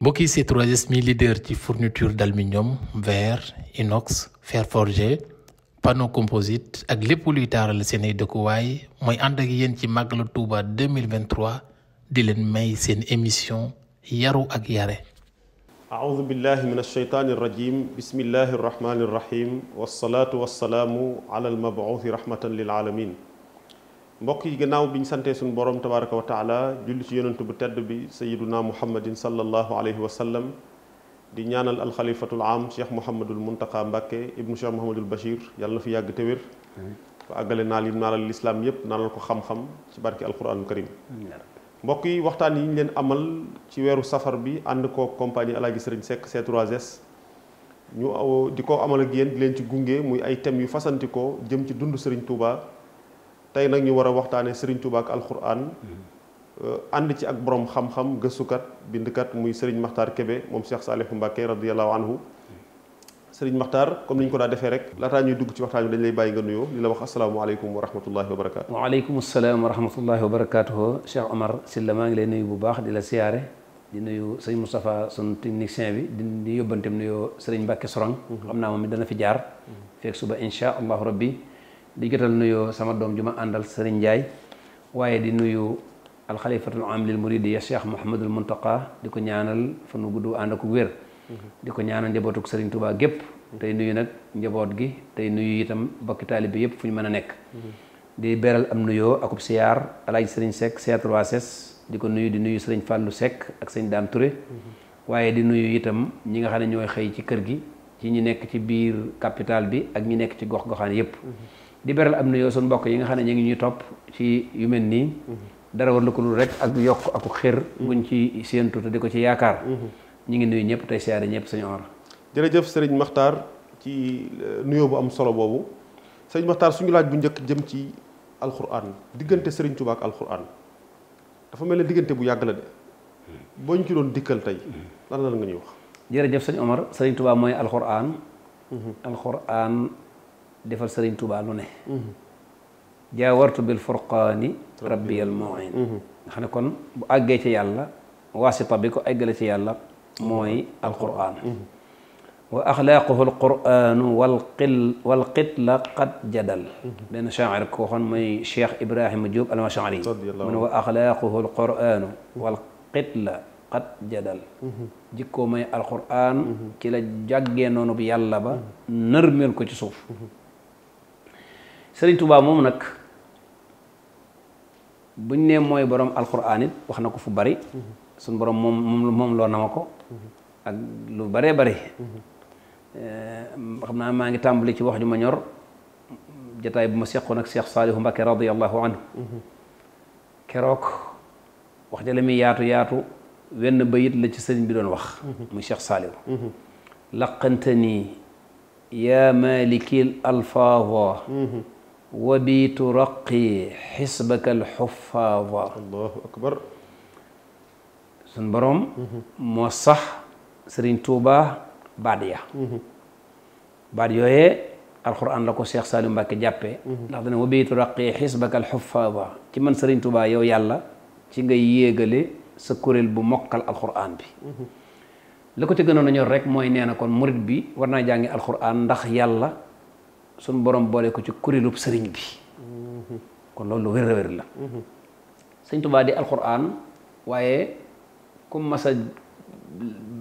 mbokki ci 3S mi leader ci fourniture d'aluminium verre inox fer forgé panneau composite ak lépp luy taaral seen ay dëkkuwaay mooy ànd ak yéen ci màggalu Touba 2023 di leen may seen émission yaru ak yare aaudu billahi min alsheytaani irrajim bismillahi arrahmani irrahim wasalaatu wassalaamu ala almabuuthi rahmatan lil alamin mbokk yi gannaaw bi ñu santee suñu borom tabaraka wa taala julli ci yonentu bu tedd bi sayiduna muhammadin sallallahu alayhi wa sallam di ñaanal alxalifatul am cheikh mouhamadul muntaka mbàkke ibnu cheikh mouhamadul bachir yàlla na fi yàgg te wér ba àggale naa yim naalal lislaam yépp naalal ko xam-xam ci barki alquraanul karim mbokk yi waxtaan yi ñu leen amal ci weeru safar bi ànd koo compagnie alaaji sëriñ Seck C3S ñu di ko amal ak yéen di leen ci gunge muy ay thèmes yu fasantikoo jëm ci dund sëriñ Touba tey nag ñu war a waxtaanee Serigne tubaak ak alxuraan mm-hmm. ànd ci ak borom xam-xam bind bindkat muy Serigne Makhtar Kébé moom Cheikh Salihou Mbacké radiyallahu anhu mm-hmm. Serigne Makhtar comme ni ñu ko daa defee rek laataa ñuy dugg ci waxtaan bi dañ lay bàyyi nga nuyoo li la wax asalaamualeykum wa rahmatullahi wa barakaatu. waaleykum salaam wa rahmatullahi wa barakaatu Cheikh Omar Sylla maa ngi lay nuyu bu baax di la di nuyu sëñ Moustapha sun technicien bi di di yóbbanteem nuyoo Serigne Mbacké Sorang. Mm-hmm. xam naa moom it dana fi jaar. feeg suba incha allahu rabbi. di jotal nuyoo sama doom ju ma àndal Serigne Ndiaye waaye di nuyu alxalifatul am lil muridi ya cheikh Mouhamadul Muntaqa di ko ñaanal fa nu gudd ànd ak wér. di ko ñaanal njabootuk sëriñ Touba gépp tey nuyu nag njaboot gi tey nuyu itam bokki taalibe yëpp fu ñu mën a nekk. di beral am nuyoo akub siyaar alaaji Serigne Seck C3S di ko nuyu di nuyu Serigne Fallou Seck ak sëñ Dame Touré. waaye di nuyu itam ñi nga xam ne ñooy xëy ci kër gi ci ñi nekk ci biir capital bi ak ñi nekk ci gox-goxaan yëpp. di beral am na yoo suñ mbokk yi nga xam ne ñu ngi ñuy topp ci yu mel nii dara war la ko dul rek ak yokk aku xër buñ ci séentu te di ko ci yaakaar ñu ngi nuyu ñëpp tey siyaare ñëpp sañu jërëjëf sëriñ Maxtaar ci euh, nuyoo bu am solo boobu sëriñ Maxtaar suñu laaj bu njëkk jëm ci alxuraan diggante sëriñ Tuubaa ak alxuraan mel ne diggante bu yàgg la de boo ñu ci doon dikkal tey la nga wax jërëjëf sëñ Omar sëriñ mooy alxuraan mm-hmm. alxuraan defal sëriñ Tuubaa lu ne jaawartu bil furqaani rabbiyal muin mm-hmm. mm-hmm. nga kon bu àggee ci yàlla waasita bi ko ci yàlla mooy alquraan mm-hmm. wa axlaaquhu alquraanu wal qad jadal benn shaacir ko waxoon mooy Cheikh Ibrahima Diop almashari wa axlaaquhu alquraanu wal qad jadal jikkoo mooy alquraan ci la noonu bi yàlla ba nërmeel ko ci suuf sëriñ Touba moom nag buñ ne mooy borom alxuraan it wax na ko fu bari suñ borom moom moom loo na ma ko ak lu bare bari eh, xam naa maa ngi tàmbali ci wax ju ma ñor jataay bu ma seqoon nag seex Saalihu Mbakke radiyallahu anhu keroog wax ja la yaatu yaatu wenn bayit la ci sëriñ bi doon wax muy Cheikh Saalihu laqante nii yaa maliki alfaada wa bi turaqi xisbaka alxufaada allahu akbar moo sax sëriñ tuuba baat ya baat yooyee alxuraan la ko Cheikh Saliou Mbacke jàppe ndax dana wa bi xisbaka alxufaada ci man sëriñ tuuba yow yàlla ci ngay yéegale sa kuréel bu mokkal alxuraan bi la ko ci gënoon ñor rek mooy nee kon murit bi war naa jàngi alxuraan ndax yàlla suñu borom boole ko ci kuréelub sëriñ bi kon loolu lu wér a la sëñ Tuubaa di alxuraan waaye ku mas a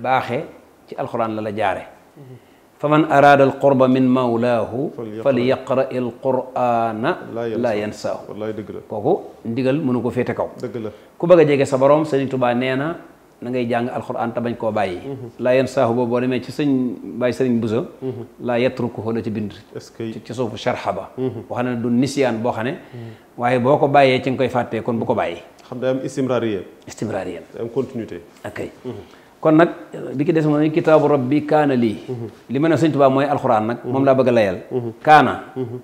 baaxe ci alxuraan la la jaare fa man araada alqurba min mawlaahu fal yaqra alqurana laa yansaahu kooku ndigal mënu ko féete kaw la ku bëgg a jege sa borom sëriñ Tuubaa nee na ngay jàng alxuraan te bañ koo bàyyi. laa yenn saahu boobu boo demee ci sëñ bàyyi sëriñ Buso. laa yatrukuhu la ci bind. ci suufu sharxa ba. Mhm. wax na du nisiyaan boo xam ne. waaye boo ko bàyyee ci nga koy fàttee kon bu ko bàyyi. xam day am istimraariyeen. istimraariyeen. day am mhm. kon nag bi ki des mooy kitaabu bi kaana lii. Mhm. li ma ne sëñ Tuubaa mooy alxuraan nag. moom laa bëgg a layal. kaana.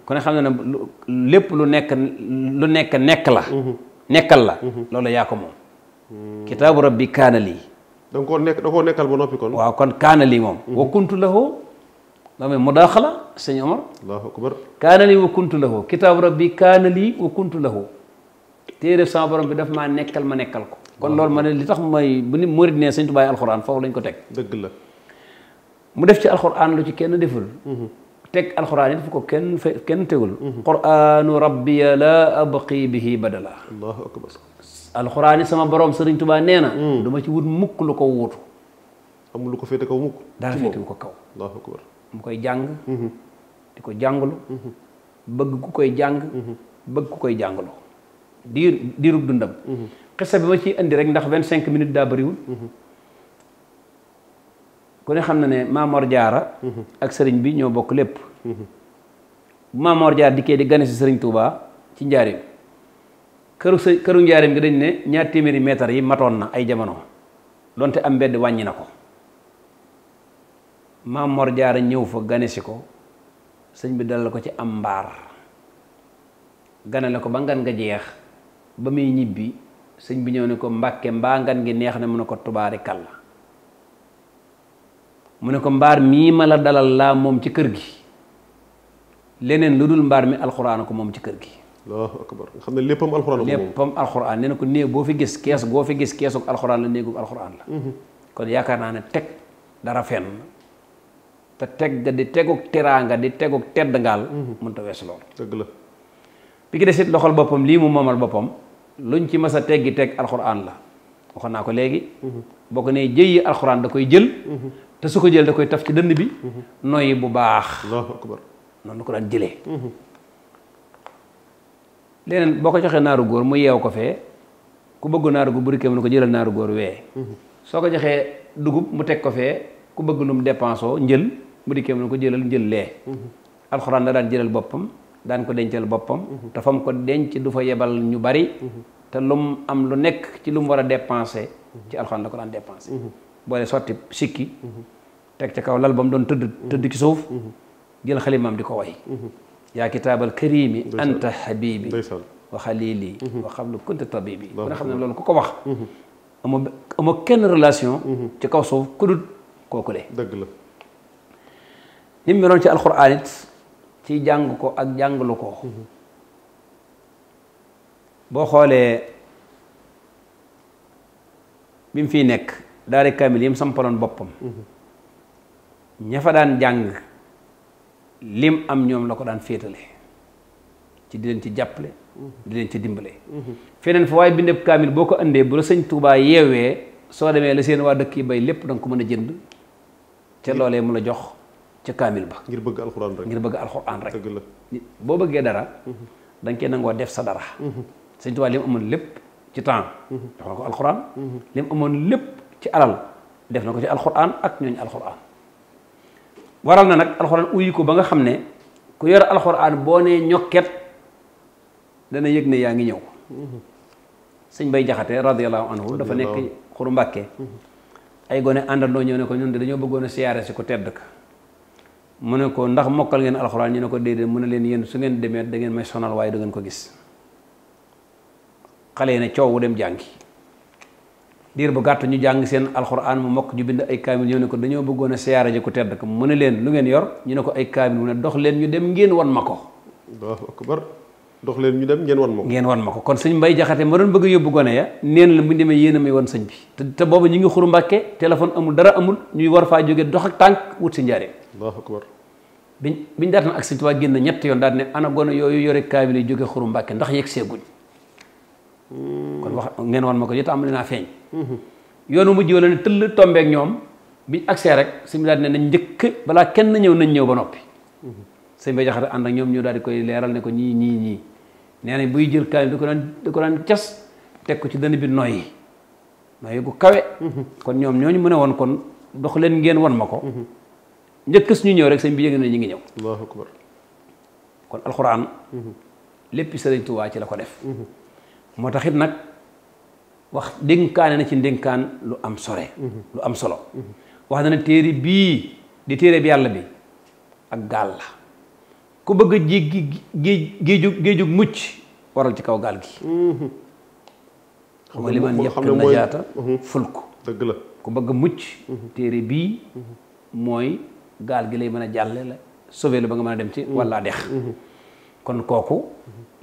ku ne xam na lépp lu nekk lu nekk nekk la. nekkal la. loolu yaa ko moom. kitaabu rabbi kaana lii. da nga koo nekk da koo nekkal ba noppi kon. waaw kon kaana lii moom. Mhm. wa kuntu lahu damay mudaaxala sëñ Omar. allahu akbar kaana lii wa kuntu lahu kitaabu rabbi kaana lii wa kuntu lahu téere sama borom bi daf maa nekkal ma nekkal ko. kon loolu ma ne li tax mooy bu ni murid ne sëñ Tuubaa alxuraan foofu lañ ko teg. dëgg la. mu def ci alxuraan lu ci kenn deful. Mhm. teg alxuraan it fu ko kenn fe kenn tegul. Mhm. quraanu rabbiya laa abqi bihi badala. alxuraani sama borom Sëriñ Tuubaa nee na. Mm. du ci wut mukk lu ko wuutu. amul lu ko féete kaw mukk. dara féetewu ko kaw. mu koy jàng. Mm-hmm. di ko jàngalu. Mm-hmm. bëgg ku koy jàng. Mm-hmm. bëgg ku koy jàngalu. diir diirub dundam. xisa bi ma ciy indi rek ndax vingt cinq minutes daa bëriwul. ku ne xam na ne Mamor Diarra. ak sëriñ bi ñoo bokk lépp. bu Mamor Diarra dikkee di gane si Sëriñ Tuubaa ci njaareem. këru sa këru njaareem gi dañ ne ñaar téeméeri mètre yi matoon na ay jamono donte am mbedd wàññi na ko maam Mor Jaara ñëw fa ganesi ko sëñ bi dalal ko ci am mbaar ganale ko ba ngan nga jeex ba muy ñibbi sëñ bi ñëw ne ko mbakke mbaa ngan ngi neex na mu ne ko tubaari kàlla mu ne ko mbaar mii ma la dalal laa moom ci kër gi leneen lu dul mbaar mi alxuraan ko moom ci kër gi allahu akbar nga xam ne léppam alxuraan léppam alxuraan nee na ko néeg boo fi kees goo fi gis keesug alxuraan la néegub alxuraan la mhm. kon yaakaar naa ne teg dara fenn te teg ga di tegug teraanga di tegug tedd ngaal mhm. mënta wees loolu dëgg la bi ki des loxol boppam lii mu moomal boppam luñ ci mës a teggi teg alxuraan la waxoon naa ko léegi mhm. boo ko nee jëyi alxuraan da koy jël te su ko jël da koy taf ci dënn bi noyyi bu baax allahu akbar ko daan jëlee leneen boo ko joxee naaru góor mu yeew ko fee ku bëggu naaru góor bu rikkee mu ne ko jëlal naaru góor wee soo ko joxee dugub mu teg ko fee ku bëgg lu mu dépensoo njël mu dikkee mu ne ko jëlal njël lee alxuraan da daan jëlal boppam daan ko dencal boppam te fa mu ko denc du fa yebal ñu bari te mu am lu nekk ci lu mu war a dépensé ci alxuraan la ko daan boo boole sotti sikki teg ca kaw lal ba mu doon tëdd tëdd ci suuf jël xalimaam di ko yaa kitaabal karimi anta habibi wa xalili mhm. wa xam lu kunta tabibi ku ne xam ne loolu ku ko wax amoo mhm. amoo kenn relation mhm. ci kaw suuf ku dul kooku le dëgg la ci alxuraan ci jàng ko ak jànglu ko boo xoolee bi mu fiy nekk daari kaamil yi mu sampaloon boppam ña daan jàng lim am ñoom la ko daan féetale ci di leen ci jàppale di leen ci dimbale feneen fa waaye bindeb kaamil boo ko indee bu la sëñ Tuubaa yeewee soo demee la seen waa dëkk yi bay lépp da ko mën a jënd ca loolee mu la jox ca kaamil ba ngir bëgg alxuraan rek ngir bëgg alxuraan rek boo bëggee dara mhm. da nga koy nangoo def sa dara mhm. sëñ Tuubaa li amoon lépp ci temps mhm. jox na ko alxuraan li mu amoon lépp ci alal def na ko ci alxuraan ak ñooñu alxuraan waral na nag alxuraan uyi ko ba nga xam ne ku yor alxuraan boo nee ñokket dana yëg ne yaa ngi ñëw sëñ bay jaxate radiallahu anhu dafa nekk xuru mbàkke ay gone àndandoo ñëw ne ko ñun de dañoo bëggoon a siyaare si ko tedd ka mu ne ko ndax mokkal ngeen alxuraan ñu ne ko déedéet mu ne leen yéen su ngeen demee da ngeen may sonal waaye du ngeen ko gis xale yi ne coow dem jàngi diir bu gàtt ñu jàng seen alxuraan mu mokk ñu bind ay kaamil ñëw ne ko dañoo bëggoon a siyaare ji ku tedd ko mu ne leen lu ngeen yor ñu ne ko ay kaamil mu ne dox leen ñu dem ngeen wan ma ko allahu akbar dox leen ñu dem ngeen wan ma ngeen wan ma ko kon sëñ Mbay Jaxate ma doon bëgg a yóbbu gone ya neen la mu yéen a may wan bi te te booba ñu ngi xuru mbàkke téléphone amul dara amul ñuy war faa jóge dox ak tànk wut si njaare allahu akbar biñ biñ daatan ak sëñ Tuubaa génn ñett yoon daal ne ana yooyu yore kaamil yi jóge xuru mbàkke ndax yegg seeguñ hmm. kon wax ngeen wan ma ko yita am naa feeñ yoonu mu wala ne tëll tombeek ñoom biñ agsee rek sëñ bi daal ne nañ njëkk balaa kenn ñëw nañ ñëw ba noppi sëñ bi jaxate ànd ak ñoom ñu daal di koy leeral ne ko ñii ñii ñii nee nañ buy jël kaani da ko daan da ko daan cas teg ko ci dënn bi noyyi noyyi gu kawe kon ñoom ñooñu mu ne woon kon dox leen ngeen won ma ko njëkk suñu ñëw rek sëñ bi yëg na ñu ngi ñëw allahu akbar kon alxuraan lépp sa sëriñ Tuubaa ci la ko def uhuh. moo taxit nag wax dénkaane na ci ndénkaan lu am sore lu am solo wax na ne téere bii di téere bi yàlla bi ak gaal la ku bëgg a géeju géejug géejug mucc waral ci kaw gaal gi xam nga li man yàq najaata mhm. fulk dëgg la ku bëgg a mucc mhm. téere bii mhm. mooy gaal gi lay mën a jàlle la sauvé la ba nga mën a dem ci walla dex kon kooku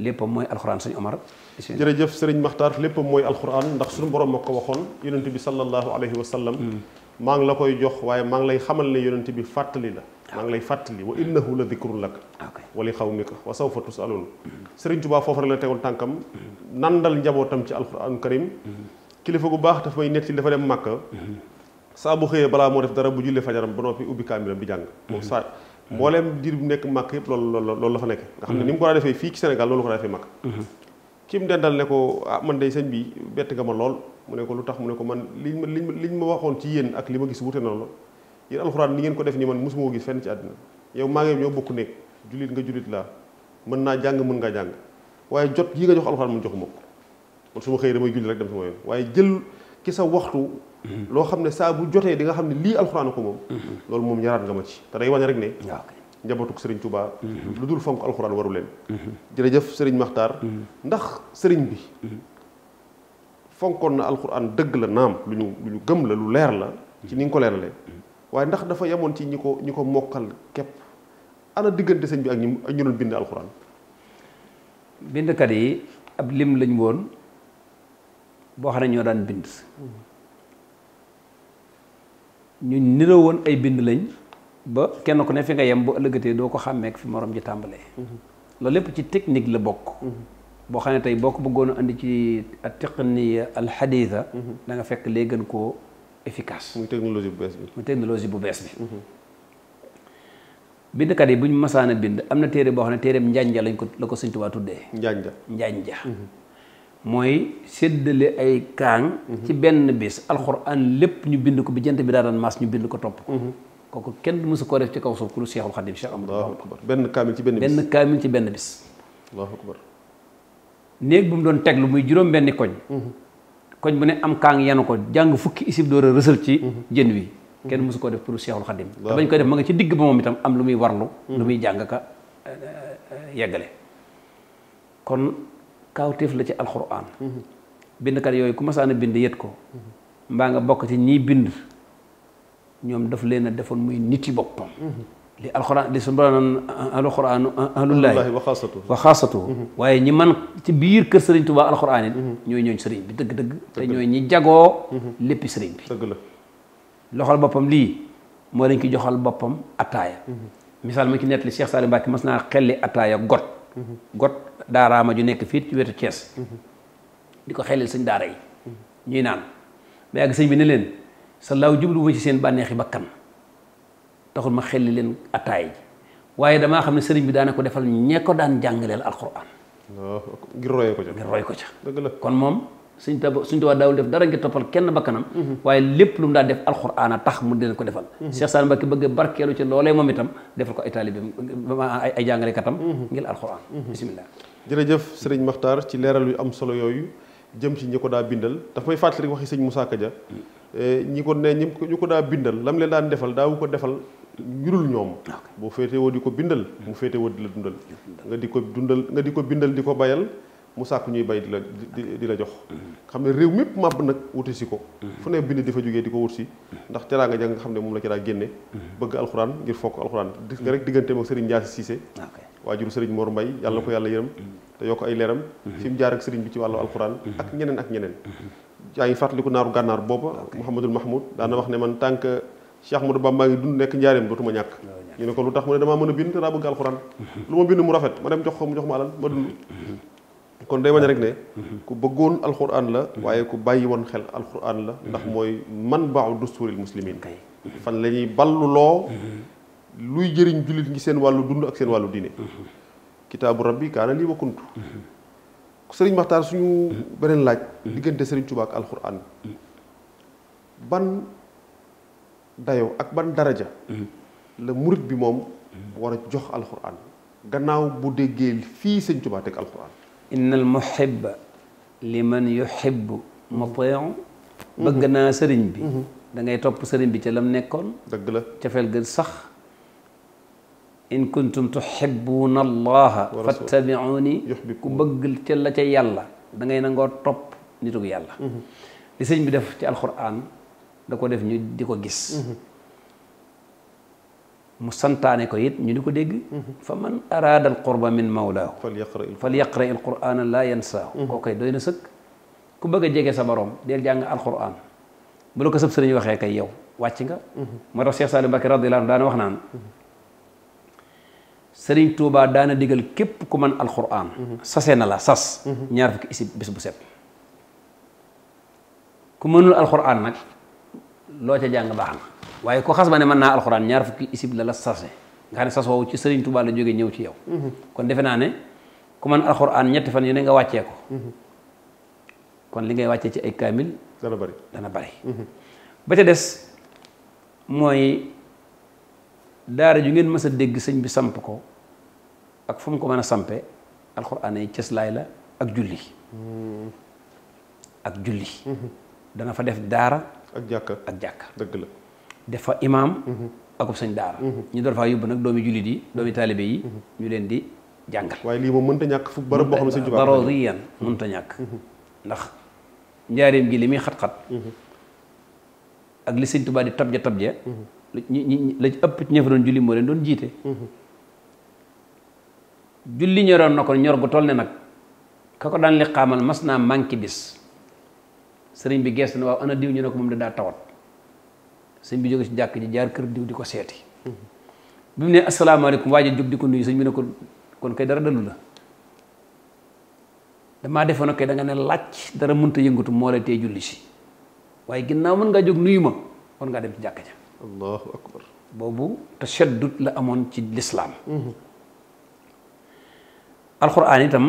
léppam mooy alxuraan sëñ Omar jërëjëf sëriñ Maxtaar lépp mooy alxuraan ndax suñu borom ma ko waxoon yonent bi sallallahu alayhi wa sallam hmm. maa ngi la koy jox waaye maa lay xamal ne yonent bi fàttali la ah. maa ngi lay fàttali wa innahu la dikrun lak wa li xawmika wa sawfa tusalun hmm. sëriñ Tuubaa foofu rek la tegoon tànkam hmm. nandal njabootam ci alxuraanu karim kilifa gu baax daf may netti dafa dem màkka saa bu xëyee balaa moo def dara bu jullee fajaram ba noppi ubbi kaamiram bi jàng moom saa mbooleem diir bu nekk màkk yëpp loolu loolu loolu la fa nekk nga xam ne ni mu ko daa defee fii ci Sénégal loolu ko daa defee màkk ki mu dendal ne ko ah man day señ bi bett nga ma lool mu ne ko lu tax mu ne ko man liñ ma liñ ma waxoon ci yéen ak li ma gis wute na lool yéen alxuraan ni ngeen ko def nii man mosuma ko gis fenn ci àddina yow maa ngi ñoo bokk nekk jullit nga jullit laa mën naa jàng mën ngaa jàng waaye jot yi nga jox alxuraan man joxu ma ko man su ma xëyee damay julli rek dem sama yoon waaye jël ki sa waxtu mhm. loo xam ne saa bu jotee di nga xam ne lii alxuraan ko moom mhm. loolu moom nga ma ci te day wane rek ne njabootuk sëriñ Touba. Mhm. lu dul fonk alxuraan waru leen. Mhm. jërëjëf sëriñ Maxtaar. Mhm. ndax sëriñ bi. fonkoon na alxuraan dëgg la naam lu ñu lu gëm la lu leer la. ci ni ko leeralee. waaye ndax dafa yemoon ci ñi ko ñi ko mokkal képp ana diggante sëñ bi ak ñi ñu doon bind alxuraan. bindkat yi ab lim lañ woon boo xam ne ñoo daan bind. ñu niroo woon ay bind lañ. ba kenn ku ne fi nga yem bu ëllëgatee doo ko xàmmeek fi moroom ji tàmbalee. Mhm. loolu lépp ci technique la bokk. Mhm. boo xam ne tey boo ko bëggoon a andi ci technique alxadiisa alxadisa mhm. danga fekk lee gën koo efficace. muy technologie bu bees bi muy technologie bu bees bi. bindkat yi bu ñu masaan bind am na téere boo xam ne téereem njanja lañ ko la ko Sëñ Tuubaa tuddee. njanja njanja. mooy séddale ay kaang. ci benn bis alxuraan lépp ñu bind ko bi jant bi daa daan maas ñu bind ko topp kooku kenn mësu koo def ci kaw suuf ku lu Seexul Xadim Cheikh Amadou Bamba benn benn bis benn kaamil ci benn bis allahu akbar néeg bu mu doon teglu muy juróom benni koñ mhm. bu ne am kaang yenu ko jàng fukki isib door a ci mhm. jën wi kenn mësu koo def pour Seexul Xadim te bañ koy def ma nga ci digg ba moom itam am lu muy warlu lu mhm. muy jàng ka eh, eh, yeggale kon kaawteef la ci alxuraan bindkat yooyu ku masaana bind yët ko mbaa nga bokk ci ñiy bind ñoom daf leen a defoon muy niti boppam li alxuraan li suñu borom alxuraan ahlullaahi wa xaasatu wa xaasatu mhm. waaye ñi man ci biir kër sëriñ Tuubaa alxuraan yi mhm. ñooy ñooñ sëriñ bi dëgg-dëgg te ñooy ñi jagoo mhm. léppi sëriñ bi la loxol boppam lii moo lañ ki joxal boppam attaaya misaal ma ci nettali Cheikh Salim Mbacke mas naa xelli attaaya got got daaraama ju nekk fii ci wetu Thiès di ko xellil sëñ daara yi ñuy naan ba yàgg sëñ bi ne leen sa laaw jubluwuma ci seen bànneexi bakkan taxul ma xelli leen ataay ji waaye damaa xam ne sëriñ bi daana ko defal ñe ko daan jàngaleel alquran ngir roy ko ca ngir roy ko ca dëgg la kon moom suñ ta suñ tubaa daawul def dara ngir toppal kenn bakkanam mhm. waaye lépp lu mu daan def alquran a tax mu dina ko defal mhm. Cheikh Sall Mbacke bëgg a barkeelu ci loolee moom itam defal ko ay taalibam ay jàngalekatam mhm. ngir alquran bisimilah jërëjëf sëriñ Makhtar ci leeral yu am solo yooyu jëm ci ñi ko daa bindal dafa may fàttali waxi sëñ Moussa Kadia eh, ñi ko ne ñi ñu ko daa bindal lam leen daan defal daawu ko defal ngirul ñoom boo féete woo di ko bindal mu féete woo di la dundal nga di ko dundal nga di ko bindal di ko bayal mu ñuy bay di la di la jox mm-hmm. xam ne réew mépp màbb nag wuti si ko mm-hmm. fu ne bind di fa jógee di ko wut si mm-hmm. ndax teraanga ja nga xam ne moom la ci daa génne bëgg alxuraan ngir fokk alxuraan dis nga rek diggante ak sëriñ Ndiass waa waajuru sëriñ Mor Mbay yàlla ko yàlla yërëm te yokk ay leeram mhm. fi mu jaar ak sëriñ bi ci wàllu alxuraan mhm. ak ñeneen ak ñeneen mhm. yaa ngi fàttaliku naaru gànnaar booba Mouhamadul Mahmoud daana wax ne man tant que Cheikh Ahmadou Bamba maa ngi dund nekk njaareem dootuma ñàkk ñu ne ko lu tax mu ne damaa mën a bind te daa bëgg alxuraan lu ma bind mu rafet ma dem jox ko mu ma alal ma dund kon day wane rek ne ku bëggoon alxuraan la waaye ku bàyyi woon xel alxuraan la ndax mooy man baaw dusturil muslimin fan la ñuy balluloo luy jëriñ jullit ngi seen wàllu dund seen wàllu diine kitaabu rabbi kaana lii wa kuntu mhm. sëriñ Maxtaar suñu mhm. beneen laaj mhm. diggante sëriñ Tuubaa ak alxuraan ban dayoo ak ban daraja la murit bi moom war a jox alxuraan gannaaw bu déggee fii sëriñ Tuubaa teg alxuraan innal muhibba liman yuhibbu mutii'un bëgg naa sëriñ bi dangay ngay topp sëriñ bi ca lam nekkoon dëgg la cafeel gën sax in kuntum tuhibbuuna allaha fattabiuni ku bëgg ca la ca yàlla da ngay nangoo topp nitug yàlla mhm. li sëñ bi def ci alquran da ko def ñu di ko gis mhm. mu santaane ko it ñu di ko dégg mhm. fa man araada alqurba min mawlaahu fal yaqra alqurana laa yansaahu koo doy na sëkk ku bëgg a jege sa borom del jàng alquran bu la ko sëb sëriñ waxee kay yow wàcc nga moo tax Cheikh Saliou Mbacké radiyallahu daana wax naan sëriñ Touba daana digal képp ku mën alxuraan sase na la sas ñaar fukki isib bis bu set ku mënul alxuraan nag loo ca jàng baax na waaye ku xas ba ne mën naa alxuraan ñaar fukki isib la la sase nga xam ne sas woowu ci sëriñ Touba la jógee ñëw ci yow kon defe naa ne ku mën alxuraan ñetti fan yu ne nga wàccee ko kon li ngay wàccee ci ay kaamil dana dana bari ba ca des mooy daara ju ngeen mës a dégg sëñ bi samp ko ak fu mu ko mën a sampe alxuraan yi cëslaay la ak julli ak julli dana fa def daara ak jàkka ak jàkka dëgg la def fa imaam mhm. akub sëñ daara mhm. ñu door faa yóbbu nag doomi jullit yi doomi taalibe yi mhm. ñu leen di jàngal waaye lii moom mënta ñàkk fu barab boo xam ne sëñ Tuubaa daruriyan mënta ñàkk ndax njaareem gi li muy xat-xat ak li sëñ Tuubaa di tabja tabja ñi ñi la ci ëpp ña fa doon julli moo leen doon jiite. julli ñoroon na ko ñor gu toll ne nag ka ko daan li mas naa manqué bis sëriñ bi gees na waaw ana diw ñu ne ko moom da daa tawat sëriñ bi jóge si jàkk ji jaar kër diw di ko seeti. bi mu ne asalaamaaleykum waa ji jóg di ko nuyu sëñ bi ne ko kon kay dara dalu la damaa defoon kay danga nga ne làcc dara mënta yëngatu moo la tee julli si waaye ginnaaw mën ngaa jóg nuyu ma kon ngaa dem ci jàkka allahu akbar boobu tashaddud la amoon ci lislaam mhm. alxuraan itam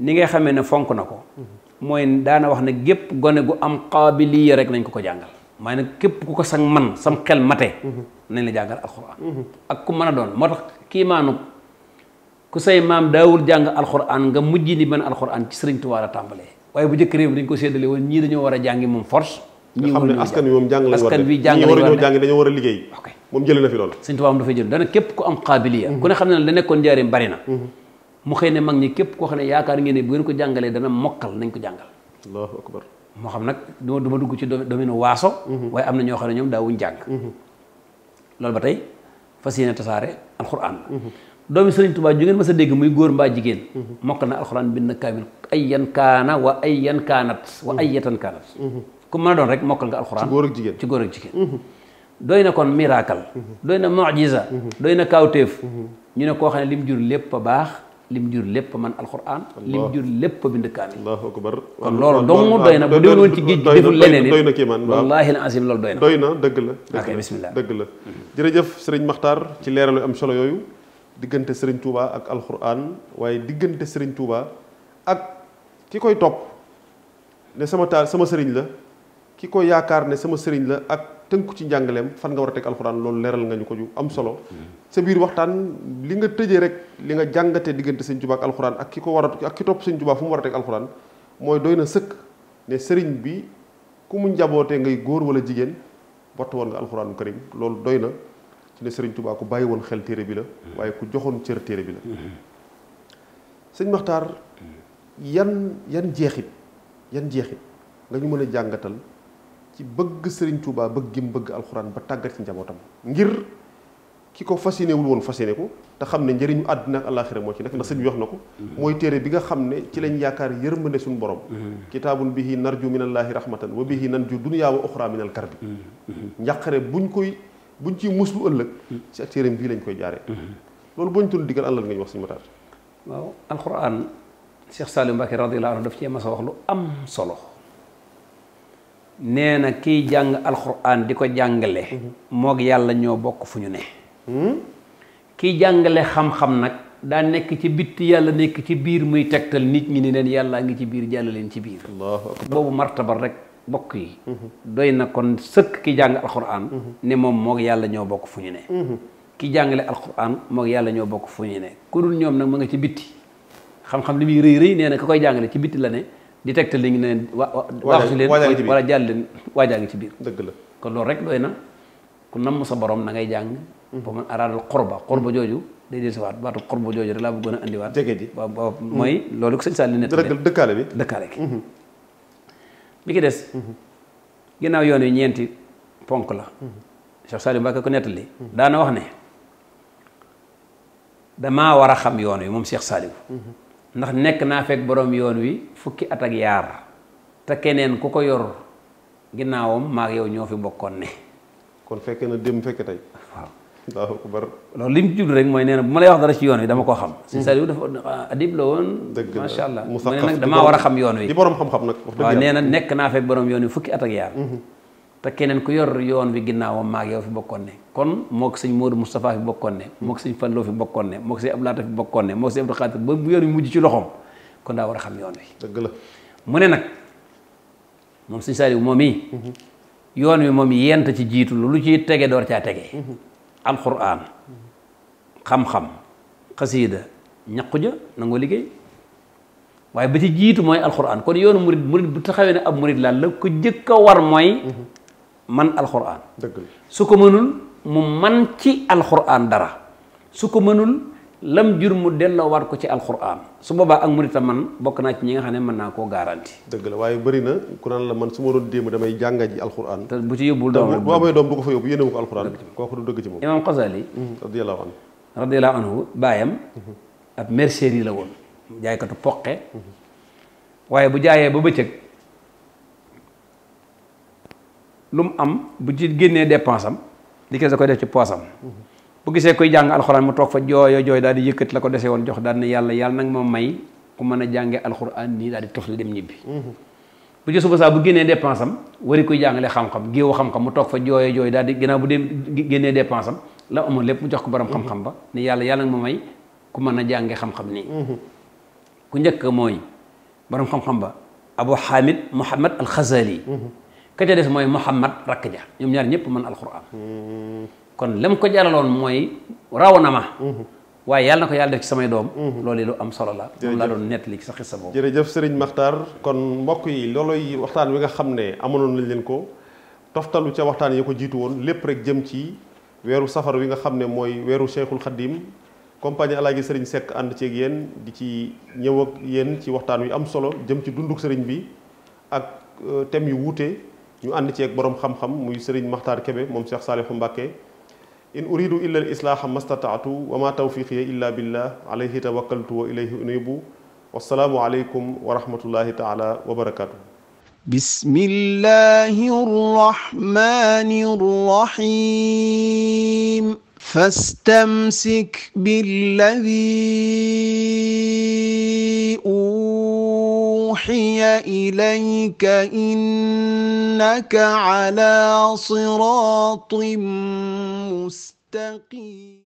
ni ngay xamee ne fonk na ko mhm. mooy daana wax ne gépp gone gu am qaabiliya rek nañ ko ko jàngal maay nag képp ku ko sang man sam xel mate mhm. nañ la jàngal alxuraan ak ku mën a doon moo tax kii maanu ku say maam daawul jàng alxuraan nga mujj ni mën alxuraan ci sëriñ Tuubaa la tàmbalee waaye bu jëkk réew mi dañ ko séddale ñii dañoo war a jàngi moom force ñi xam ne askan wi moom jàng lañu war askan wi a jàng dañoo war liggéey moom jëlee fi loolu sëñ Tuubaa am dafa jël dana mhm. mhm. koo xam ne yaakaar ngeen ne bu ngeen ko jàngalee dana mokkal nañ ko jàngal allahu akbar moo xam nag du ma dugg ci domaine waaso mhm. waaye am na ñoo xam ne ñoom daawuñ jàng loolu ba tey fas yéene tasaare alxuraan la doomi sëriñ Tuubaa ju ngeen mas a dégg muy góor mbaa jigéen mokkal na alxuraan bind kaamil ay yan kaana wa ay yan kaanat wa ay yatan kaanat ku mën a doon rek mokkal nga alxuraan ci góor ak jigéen ci góor ak jigéen doy na kon miracle mm-hmm. doy na mujiza mm-hmm. doy na kawteef mm-hmm. ñu ne koo xam ne lim jur lépp a baax lim jur lépp a man alxuraan lim jur lépp a bind kaamil allahu akbar kon loolu na bu dee woon ci géej gi deful na kéemaan wallaahi la asim loolu doy na doy na dëgg la ok bismillah dëgg la jërëjëf sëriñ Maxtaar ci leeralu am solo yooyu diggante sëriñ Touba ak alxuraan waaye diggante sëriñ Touba ak ki koy topp ne sama taal sama sëriñ la ki ko yaakaar ne sama sëriñ la ak tënku ci njàngaleem fan nga war a teg alxuraan loolu leeral nga ñu ko ñu am solo mm-hmm. sa biir waxtaan li nga tëjee rek li nga jàngatee diggante sëñ Tuubaa ak alxuraan ak ki ko war a ak ki topp sëñ Tuubaa fu mu teg alxuraan mooy doy na sëkk ne sëriñ bi ku mu njabootee ngay góor wala jigéen bott woon nga alxuraanu karim loolu doy na ci ne sëriñ Tuubaa ku bàyyi woon xel téere bi la mm-hmm. waaye ku joxoon cër téere bi la mm-hmm. sëñ Maxtaar yan yan jeexit yan jeexit nga ñu mën a jàngatal ci bëgg Serigne Touba bëgg gim bëgg alxuraan ba tàggat ci njabootam ngir ki ko fasinéwul woon fasiné ko te xam ne njëriñu àddina ak àllaaxira moo ci nekk ndax sëñ yox na ko mooy téere bi nga xam ne ci lañ yaakaar ne suñu borom bi nar kitaabun bihi narju minallaahi rahmatan wa bihi nanju dunyaa wa uxra minal karbi njàqare buñ koy buñ ciy muslu ëllëg ci téereem bii lañ koy jaaree loolu boo ñu doon digal àllal nga ñu wax suñu mataar waaw alxuraan Cheikh Saliou Mbacké radiyallaahu daf cee mas a wax lu am solo nee na kiy jàng alxuraan di ko jàngale mhm. moog yàlla ñoo bokk fu ñu ne hmm? kiy jàngale xam-xam nag daa nekk ci bitti yàlla nekk ci biir muy tegtal nit ñi ni leen yàllaa ngi ci biir jàll leen ci biir boobu martaba rek bokk yi mhm. doy na kon sëkk ki jàng alxuraan mhm. ne moom moog yàlla ñoo bokk fu ñu ne ki jàngale alxuraan moog yàlla ñoo bokk fu ñu ne ku dul ñoom nag mu nga ci bitti xam-xam li muy rëy rëy nee na koy jàngale ci bitti la ne di tegtal li ngi ne wa waaxu waa wala jàll leen waajaa ngi ci biir dëgg la kon loolu rek doy na ku namm sa borom na ngay jàng mhm. ba man araadal xorba xorba jooju day dee si waat baatu xorba jooju rek laa bëggoon a andiwaat jege ji mooy mhm. loolu ko sëñ Sall ne dëkkaale bi dëkkaale gi bi mhm. ki des ginnaaw yoon wi ñeenti ponk la Cheikh Saliou Mbacké ko nettali daana wax ne damaa war a xam yoon wi moom Cheikh Saliou ndax nekk naa fekk borom yoon wi fukki at ak yaar te keneen ku ko yor ginnaawam maak yow ñoo fi bokkoon ne. kon fekkee na dem fekke tey. waaw loolu li mu jublu rek mooy nee na bu ma lay wax dara ci yoon wi dama ko xam. Mm. si Saliou dafa ah, adib la woon. dëgg la macha allah mu ne nag damaa war a xam yoon wi. di borom xam-xam nag. wax dëgg yàlla waaw nee na nekk naa fekk borom yoon wi fukki at ak yaar. Mm-hmm. te keneen ku yor yoon wi ginnaawam maag yow fi bokkoon ne kon mook sëñ Modou Moustapha fi bokkoon ne mook sëñ Fallou fi bokkoon ne mook sëñ Abdou Lahat fi bokkoon ne mook sëñ Abdou Khadir ba bu yor yu mujj ci loxoom kon daa war a xam yoon wi dëgg la mu ne nag moom sëñ Saliou moom yi mhm. yoon wi moom yent ci jiitu lu ci tege door caa tege mhm. alquran xam-xam xasiida ñaqu ja nangoo liggéey waaye ba ci jiitu mooy alquran kon yoonu murid murid bu taxawee ne ab murid laa la ko jëkk a war mooy mhm. man alxuraan su ko mënul mu man ci alxuraan dara su ko mënul lam jur mu delloo waat ko ci alxuraan su boobaa ak murita man bokk naa ci ñi nga xam ne mën naa koo garanti dëgg la waaye bëri na ku naan la man su ma doon démb damay jànga ji alxuraan te bu ci yóbbul doom bu amee doom du ko fa yóbbu yéenewu ko alxuraan kooku du dëgg ci moom imaam Xasali mhm, radiyallahu anhu baayam mhm. ab mercerie la woon jaaykatu poqe waaye bu jaayee ba bëccëg lu mu am bu ci génnee dépense li kees da koy def ci poosam bu gisee koy jàng alxuraan mu toog fa jooyo jooy daal di ko dese woon jox ma may a jàngee alxuraan nii daal di tofli dem ñibbi mm-hmm. bu ci suba saa bu génnee dépense am wari koy jàngale xam-xam géewu xam-xam mu toog fa jooyo jooy daal di ginnaaw bu dem génnee dépense la amoon lépp mu jox ko borom mm-hmm. xam-xam ba ne yàlla yàlla nag ma may ku mën a jàngee xam-xam nii mm-hmm. ku njëkk mooy borom xam-xam ba Abu Hamid Muhammad al ka ca des mooy Muhammad rakk ja ñoom ñaar ñëpp mën alxuraan kon lam ko jaraloon mooy raw na ma waaye yàlla na ko yàlla def ci samay doom loolu lu am solo la moom laa doon nettali ci sa xissa boobu jërëjëf sëriñ Maxtaar kon mbokk yi looloy waxtaan wi nga xam ne amaloon nañ leen ko toftalu ca waxtaan yi ko jiitu woon lépp rek jëm ci weeru safar wi nga xam ne mooy weeru Cheikhul Khadim compagnie Alaaji Sëriñ Seck ànd ceeg yéen di ci ñëw ak yéen ci waxtaan wi am solo jëm ci dunduk sëriñ bi ak euh, thème yu wuute ñu ànd ceeg borom xam-xam muy sëriñ Maxtaar Kebe moom Cheikh Saalihu Mbàkke in uridu illa al islaaha mastataatu wa ma tawfiqiya illa billah alayhi tawakkaltu wa ilayhi unibu wassalaamu aleykum wa rahmatullahi taala wa barakatuh bismillahi rrahmani rrahim fastamsik billadi أوحي إليك إنك على صراط مستقيم